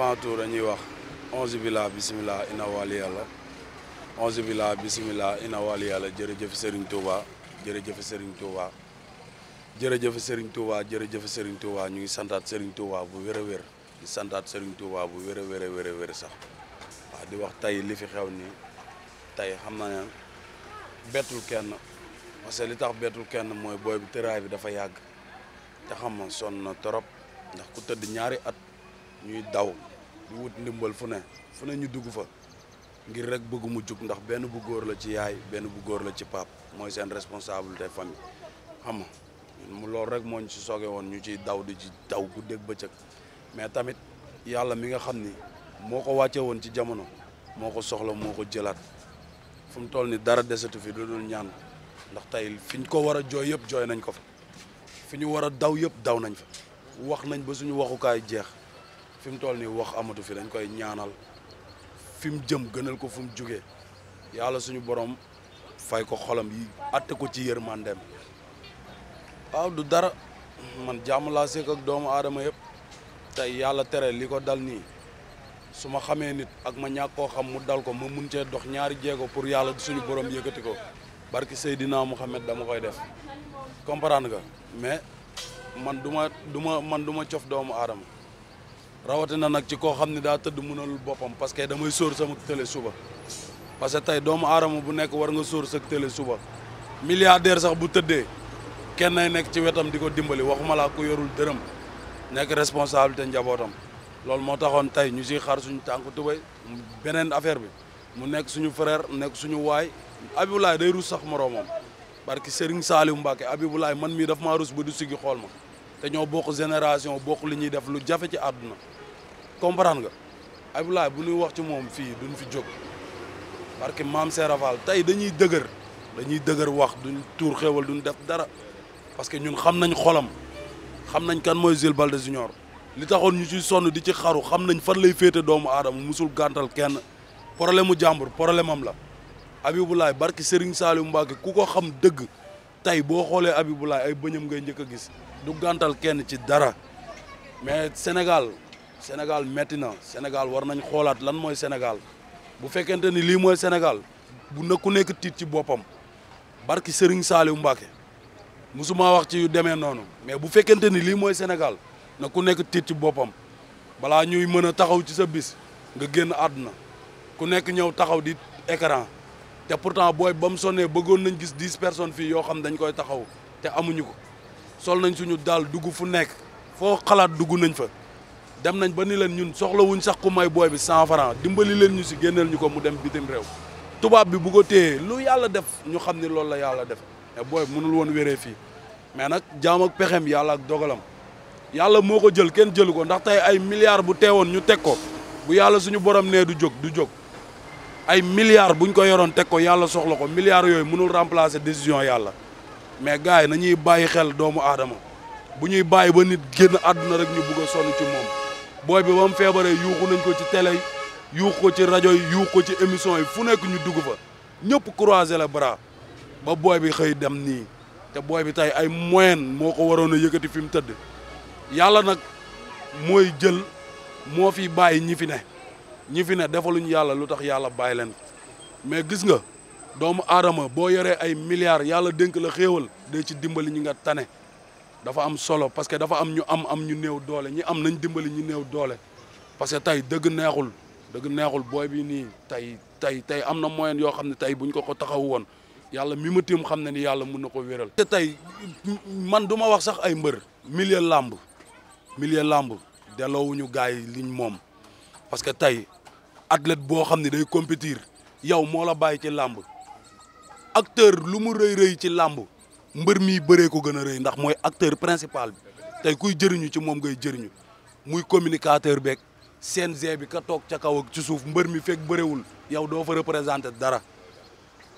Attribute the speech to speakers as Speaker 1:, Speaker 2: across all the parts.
Speaker 1: avant tout ñuy wax onze billah bisimilah ina wali yàlla onze bila bisimilah ina wali yàlla jërëjëf Serigne Touba jërëjëf Serigne Touba jërëjëf Serigne Touba jërëjëf Serigne ñu ngi santaat Serigne Touba bu wér a wér di santaat Serigne Touba bu wér a wér sax waaw di wax tey li fi xew nii tey xam na ne bettul kenn parce li tax bettul kenn mooy booy bi tëraay bi dafa yàgg te xam nga sonn na trop ndax ku tëdd ñaari at ñuy daw di wut ndimbal fu ne fu ne ñu dugg fa ngir rek bëgg mu jug ndax benn bu góor la ci yaay benn bu góor la ci pap mooy seen responsabilité famille xam nga mu loolu rek moo ñu si sooge woon ñu ciy daw di ci daw bu dégg bëccëg mais tamit yàlla mi nga xam ni moo ko wàcce woon ci jamono moo ko soxla moo ko jëlaat fu mu toll ni dara desetu fi lu dul ñaan ndax tey fi ñu ko war a jooy yëpp jooy nañ ko fa fi ñu war a daw yëpp daw nañ fa wax nañ ba suñu waxukaay jeex fi mu toll nii wax amatu fi dañ koy ñaanal fi mu jëm gënal ko fu mu jugee yàlla suñu borom fay ko xolam yi atte ko ci yërmandeem waaw du dara man jàmm laa seq ak doomu aadama yëpp tey yàlla tere li ko dal nii su ma xamee nit ak ma ñàkk koo xam mu dal ko ma mun cee dox ñaari jéego pour yàlla suñu borom yëkkati ko barki Seydina Mouhamed dama koy def comprendre nga mais man du ma du ma man du ma cof doomu aadama. rawatina nag ci koo xam ne daa tëdd mënalul boppam parce que damay sóor sama télé suba parce que tey doomu aadama bu nekk war nga soor sa télé suba milliardaire sax bu tëddee kenn ay nekk ci wetam di ko dimbali waxuma laa ku yorul dërëm nekk responsabilité njabootam loolu moo taxoon tey ñu si xar suñu tànk tubay beneen affaire bi mu nekk suñu frère nekk suñu waay Abibulaay day rus sax moroomam barki Serigne Saliou Mbacke Abibulaay man mii daf maa rus ba du siggi xool ma te ñoo bokk génération bokk li ñuy def lu jafe ci àdduna comprendre nga Abdoulaye bu nuy wax ci moom fii duñ fi jóg parce que maam Serafal tey dañuy dëgër dañuy dëgër wax duñ tuur xéwal duñ def dara parce que ñun xam nañ xolam xam nañ kan mooy Jules Baldé Junior li taxoon ñu ciy sonn di ci xaru xam nañ fan lay féete doomu aadama musul gàntal kenn problème mu jàmbur problème am la Abibulaay barki Serigne Saliou Mbacke ku ko xam dëgg tey boo xoolee Abibulaay ay bëñam ngay njëkk a gis du gantal kenn ci dara mais Sénégal Sénégal métti na Sénégal war nañ xoolaat lan mooy Sénégal bu fekkente ni lii mooy Sénégal bu nekku nekk tiit ci boppam barki Serigne Saliou Mbacké musuma wax ci demee noonu mais bu fekkente ni lii mooy Sénégal na ku nekk tiit ci boppam balaa ñuy mën a taxaw ci sa bis nga génn àdduna ku nekk ñëw taxaw di écran te pourtant booy bam mu sonnee bëggoon nañ gis dix personnes fii yoo xam dañ koy taxaw te amuñu ko sol nañ suñu daal dugg fu nekk foo xalaat dugg nañ fa dem nañ ba ni leen ñun soxla wuñ sax ku may booy bi san franc dimbali leen ñu si génneel ñu ko mu dem bitim réew tubaab bi bu ko téyee lu yàlla def ñu xam ni loolu la yàlla def mais booy bi mënul woon wéree fii mais nag jaam ak pexem yàlla ak dogalam yàlla moo ko jël kenn jël ko ndax tey ay milliards bu teewoon ñu teg ko bu yàlla suñu borom nee du jóg du jóg ay milliards buñ ko yoroon teg ko yàlla soxla ko milliards yooyu mënul remplacer décision yàlla mais gars yi nañuy bàyyi xel doomu aadama bu ñuy bàyyi ba nit génn àdduna rek ñu bugg a sonn ci moom booy bi ba feebaree yuuxu nañ ko ci télé yi ko ci rajo yi yuuxu ko ci émission yi fu nekk ñu dugg fa ñëpp croiser les bras ba booy bi xëy dem nii te booy bi tay ay moyen moo ko waroon a yëkkati fi mu tëdd yàlla nag mooy jël moo fi bàyyi ñi fi ne ñi fi ne defaluñu yàlla lu tax yàlla bàyyi leen mais gis nga doomu aadama boo yoree ay milliards yàlla dénk la xéewal day ci dimbali ñi nga tane dafa am solo parce que dafa am ñu am am ñu néew doole ñi am nañ dimbali ñu néew doole parce que tey dëgg neexul dëgg neexul booy bi nii tey tey tey am na moyen yoo xam ne tey buñ ko ko taxaw woon yàlla mi ma tiim xam ne ni yàlla mun na ko wéral te tey man duma wax sax ay mbër milieu làmb milieu làmb delloowuñu gars yi liñ moom parce que tey athlète boo xam ne day compétir yow moo la bàyyi ci làmb acteur lu mu rëy rëy ci làmb mbër mi bëree ko gën a rëy ndax mooy acteur principal bi tey kuy jëriñu ci moom ngay jëriñu muy communicateur beeg CNG bi ka toog ca kaw ak ci suuf mbër mi fekk bëriwul yow doo fa représenté dara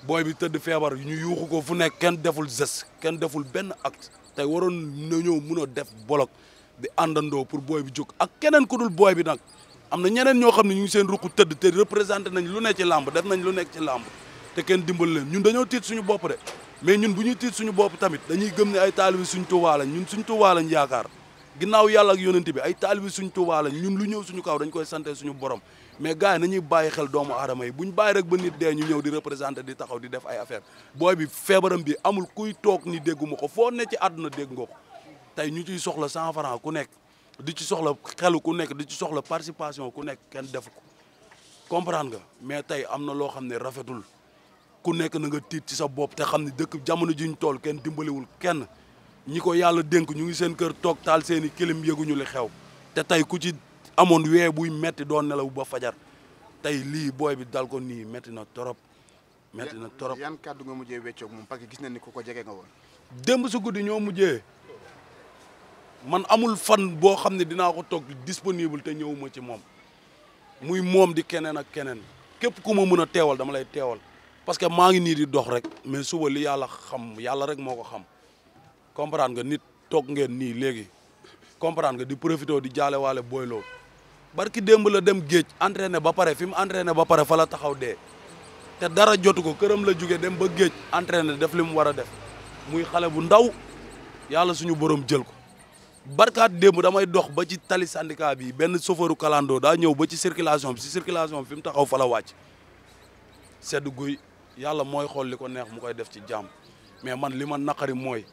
Speaker 1: booy bi tëdd feebar ñu yuuxu ko fu nekk kenn deful geste kenn deful benn akt tey waroon na ñëw mun a def bolok di àndandoo pour booy bi jóg ak keneen ku dul booy bi nag am na ñeneen ñoo xam ne ñu ngi seen ruq tëdd te représenté nañ lu nek ci làmb def nañ lu nekk ci làmb te kenn dimbal leen ñun dañoo tiit suñu bopp de mais ñun bu ñuy tiit suñu bopp tamit dañuy gëm ne ay taalibi suñ Tuubaa lañ ñun suñ Tuubaa lañ yaakaar ginnaaw yàlla ak yonent bi ay taalibi suñ Tuubaa lañ ñun lu ñëw suñu kaw dañ koy sante suñu borom mais gars nañuy bàyyi xel doomu aadama yi buñ bàyyi rek ba nit dee ñu ñëw di représenté di taxaw di def ay affaire booy bi feebaram bi amul kuy toog ni dégguma ko foo ne ci àdduna dégg nga ko tey ñu ciy soxla cent ku nekk di ci soxla xelu ku nekk di ci soxla participation ku nekk kenn def ko comprendre nga mais tey am na loo xam ne rafetul ku nekk na nga tiit ci sa bopp te xam ne dëkk jamono ñu tool kenn dimbaliwul kenn ñi ko yàlla dénk ñu ngi seen kër toog taal seen i kilim yëguñu li xew te tey ku ci amoon wee buy metti doon nelaw ba fajar tey lii booy bi dal ko nii metti na torop metti na torop yan nga mujjee weccoog moom parce gis na ni ku ko jege nga woon démb su guddi ñoo mujjee man amul fan boo xam ne dinaa ko toog disponible te ñëwuma ci moom muy moom di keneen ak keneen képp ku ma mën a teewal dama lay teewal parce que maa ngi nii di dox rek mais suba li yàlla xam yàlla rek moo ko xam comprendre nga nit toog ngeen nii léegi comprendre nga di profité di jaale waale booyloo barki demb la dem géej entraîné ba pare fi mu entraîné ba pare fala taxaw dee te dara jotu ko këram la jóge dem ba géej entraîné def li mu war a def muy xale bu ndaw yàlla suñu borom jël ko barkaat démb damay dox ba ci tali syndicat bi benn chauffeuru kalandoo daa ñëw ba ci circulation bi si bi mu taxaw fala wàcc sedd guy yàlla mooy xool ko neex mu koy def ci jàmm mais man li ma naqari mooy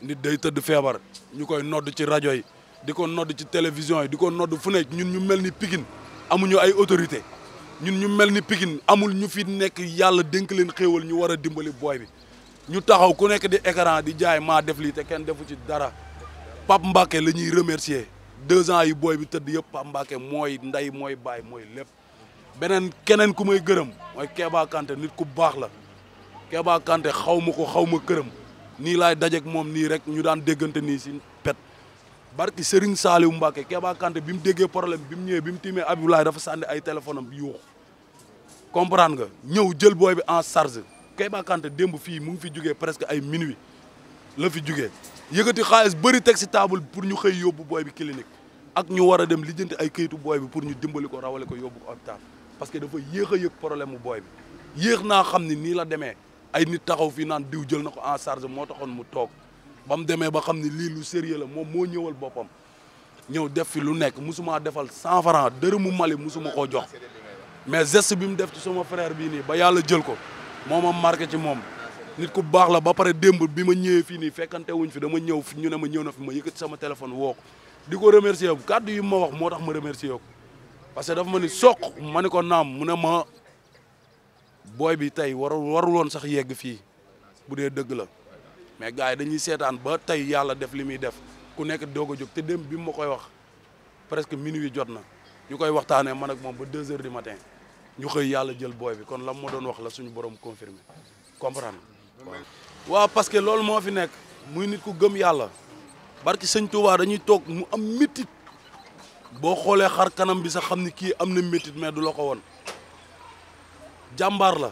Speaker 1: ni day tëdd feebar ñu koy nodd ci rajo yi di ko nodd ci télévision yi di ko nodd fu nekk ñun ñu mel ni Pikine amuñu ay autorité ñun ñu mel ni Pikine amul ñu fi nekk yàlla dénk leen xéewal ñu war a dimbali booy bi ñu taxaw ku nekk di écran di jaay maa def lii te kenn defu ci dara Pape Mbacké la ñuy remercier deux ans yi booy bi tëdd yëpp Pape Mbacké mooy ndey mooy baay mooy lépp beneen keneen ku may gërëm mooy Kéba Kanté nit ku baax la Kéba Kanté xaw ma ko xaw ma këram nii laay dajeek moom nii rek ñu daan déggante nii si pet barki Serigne Saliou Mbacké Kéba Kanté bi mu déggee problème bi mu ñëwee bi mu tiimee Abdoulaye dafa sànni ay téléphone bi yuux comprendre nga ñëw jël booy bi en charge Kéba Kanté démb fii mu ngi fi jugee presque ay minuit la fi jugee yëkkati xaalis bëri teg si table pour ñu xëy yóbbu booy bi clinique ak ñu war a dem lijjanti ay kayitu booy bi pour ñu dimbali ko rawale ko yóbbu ko hôpital parce que dafa yéex a yëg problème mu booy bi yéex naa xam ni nii la demee ay nit taxaw fi naan diw jël na ko en charge moo taxoon mu toog ba mu demee ba xam ni lii lu sérieux la moom moo ñëwal boppam ñëw def fi lu nekk musuma defal 100 francs dërëmu Mali musuma koo jox mais geste bi mu def ci sama frère bii nii ba yàlla jël ko moo ma marqué ci moom nit ku baax la ba pare démb bi ma ñëwee fii nii fekkante wuñ fi dama ñëw ñu ne ma ñëw na fi ma yëkkati sama téléphone woo ko di ko remercier bu kàddu yu ma wax moo tax ma remercier ko parce que dafa ma ni soq ma ni ko naam mu ne ma booy bi tey waru waruloon sax yegg fii bu dee dëgg la mais gars yi dañuy seetaan ba tey yàlla def li muy def ku nekk doog a jóg te dem bi mu ma koy wax presque minuit jot na ñu koy waxtaanee ma nag moom ba deux heures du matin ñu xëy yàlla jël booy bi kon la ma doon wax la suñu boroom confirmé comprendre waaw parce que loolu moo fi nekk muy nit ku gëm yàlla barki sëñ Touba dañuy toog mu am métit boo xoolee xar kanam bi sa xam ni kii am na métit mais du la ko woon jàmbaar la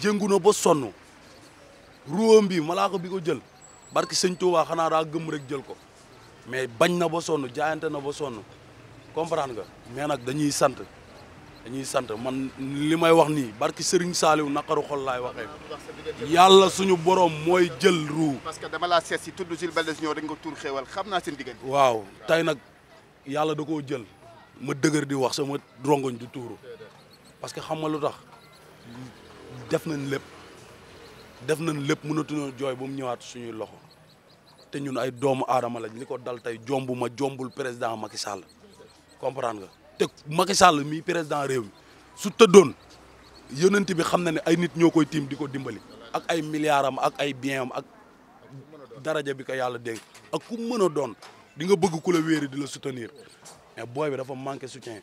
Speaker 1: jëngu na ba sonn ruwam bi malaaka bi ko jël barki sëñ waa xanaa raa gëm rek jël ko mais bañ na ba sonn jaayante na ba sonn comprendre nga mais nag dañuy sant dañuy sant man li may wax nii barki Serigne Saliou naqaru xol laay waxee yàlla suñu borom mooy jël ruu. parce que dama laa seet si tudd Jules Baldé Junior rek nga tur xam naa seen waaw tey nag. yàlla da koo jël ma dëgër di wax sama rongoñ du tuuru parce que xam nga lu tax def nañ lépp def nañ lépp mënatuñoo jooy ba mu ñëwaat suñuy loxo te ñun ay doomu aadama lañ li ko dal tey jombu ma jombul président Macky Sall comprendre nga te Macky Sall mii président réew mi su tëddoon yonent bi xam na ne ay nit ñoo koy tiim di ko dimbali ak ay milliards am ak ay biens am ak daraja bi ko yàlla dénk ak ku mën a doon di nga bëgg ku la wéeri di la soutenir mais booy bi dafa manqué soutien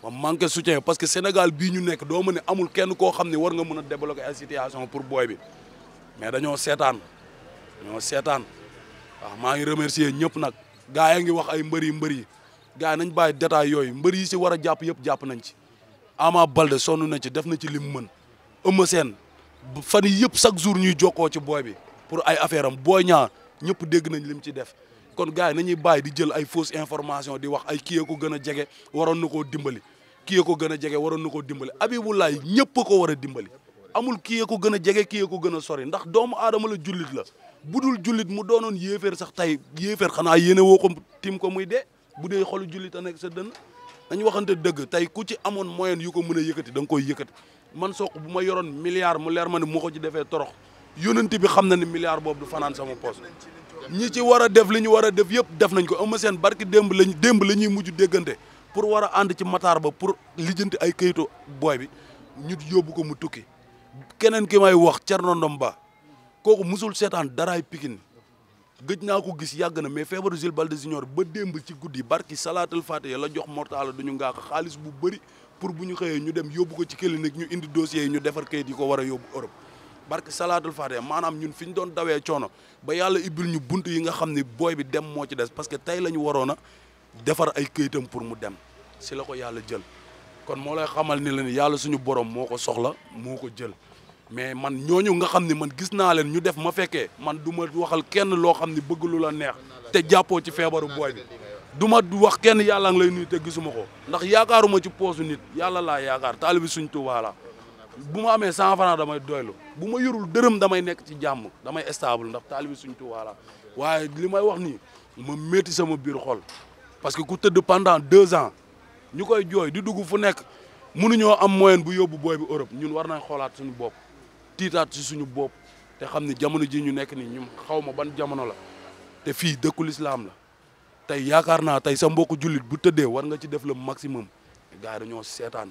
Speaker 1: ba manqué soutien parce que Sénégal bii ñu nekk doo ma ne amul kenn koo xam ni war nga mën a débloquer ay situation pour booy bi mais dañoo seetaan dañoo seetaan waaw maa ngi remercier ñëpp nag gaa yaa ngi wax ay mbër yi mbër yi gaa nañ bàyyi détail yooyu mbër yi si war a jàpp yëpp jàpp nañ ci Ama Balde sonn na ci def na ci li mu mën Eumeu Sène fan yëpp chaque jour ñuy jokkoo ci booy bi pour ay affaire am booy ñaar ñëpp dégg nañ lim ci def kon gars yi nañuy bàyyi di jël ay fausse information di wax ay kii ko gën a jege waroon na koo dimbali kii ko gën a jege waroon na koo dimbali Abibulaay ñëpp ko war a dimbali amul kii ko gën a jege kii ko gën a sori ndax doomu aadama la jullit la bu dul jullit mu doonoon yéeféer sax tey yéeféer xanaa yéene woo ko tim ko muy de bu dee xolu jullit a nekk sa dënn nañu waxante dëgg tey ku ci amoon moyen yu ko mën a yëkkati da nga koy yëkkati man soq bu ma yoroon milliard mu leer ma ne moo ko defee torox yónnante bi xam na ne milliard boobu du fanaan sama poche ñi ci war a def li ñu war a def yëpp def nañ ko Eumeu Sène barki demb lañ démb la ñuy mujj déggante pour war a ànd ci Matar ba pour lijjanti ay kayitu booy bi ñu yóbbu ko mu tukki keneen ki may wax Thierno Ndom Ba kooku musul seetaan daraay Pikine gëj naa ko gis yàgg na mais feebaru Jules Balde Junior ba demb ci guddi barki salaatal fatiha la jox mortala duñu ngaa ko xaalis bu bëri pour bu ñu xëyee ñu dem yóbbu ko ci clinique ñu indi dossier yi ñu defar kayit yi ko war yóbbu Europe barke salaatul faatiha maanaam ñun fi ñu doon dawee coono ba yàlla ibbil ñu bunt yi nga xam ni booy bi dem moo ci des parce que tey la ñu waroon a defar ay këyitam pour mu dem si la ko yàlla jël kon moo lay xamal ni la ni yàlla suñu borom moo ko soxla moo ko jël mais man ñooñu nga xam ni man gis naa leen ñu def ma fekkee man duma ma waxal kenn loo xam ne bëgg lu la neex te jàppoo ci feebaru booy bi du ma wax kenn yàlla ngi lay nuyu te gisuma ko ndax yaakaaruma ci poosu nit yàlla laa yaakaar taalibi suñ Tuubaa bu ma amee cent franc damay doylu bu ma yorul dërëm damay nekk ci jàmm damay stable ndax taalibi suñ Tuubaa la waaye li may wax nii ma métti sama biir xol parce que ku tëdd pendant deux ans ñu koy jooy di dugg fu nekk mënuñoo am moyen bu yóbbu booy bu Europe ñun war nañ xoolaat suñu bopp tiitaat si suñu bopp te xam ni jamono ji ñu nekk nii ñun xaw ma ban jamono la te fii dëkku lislaam la tey yaakaar naa tey sa mbokku jullit bu tëddee war nga ci def le maximum gars yi dañoo seetaan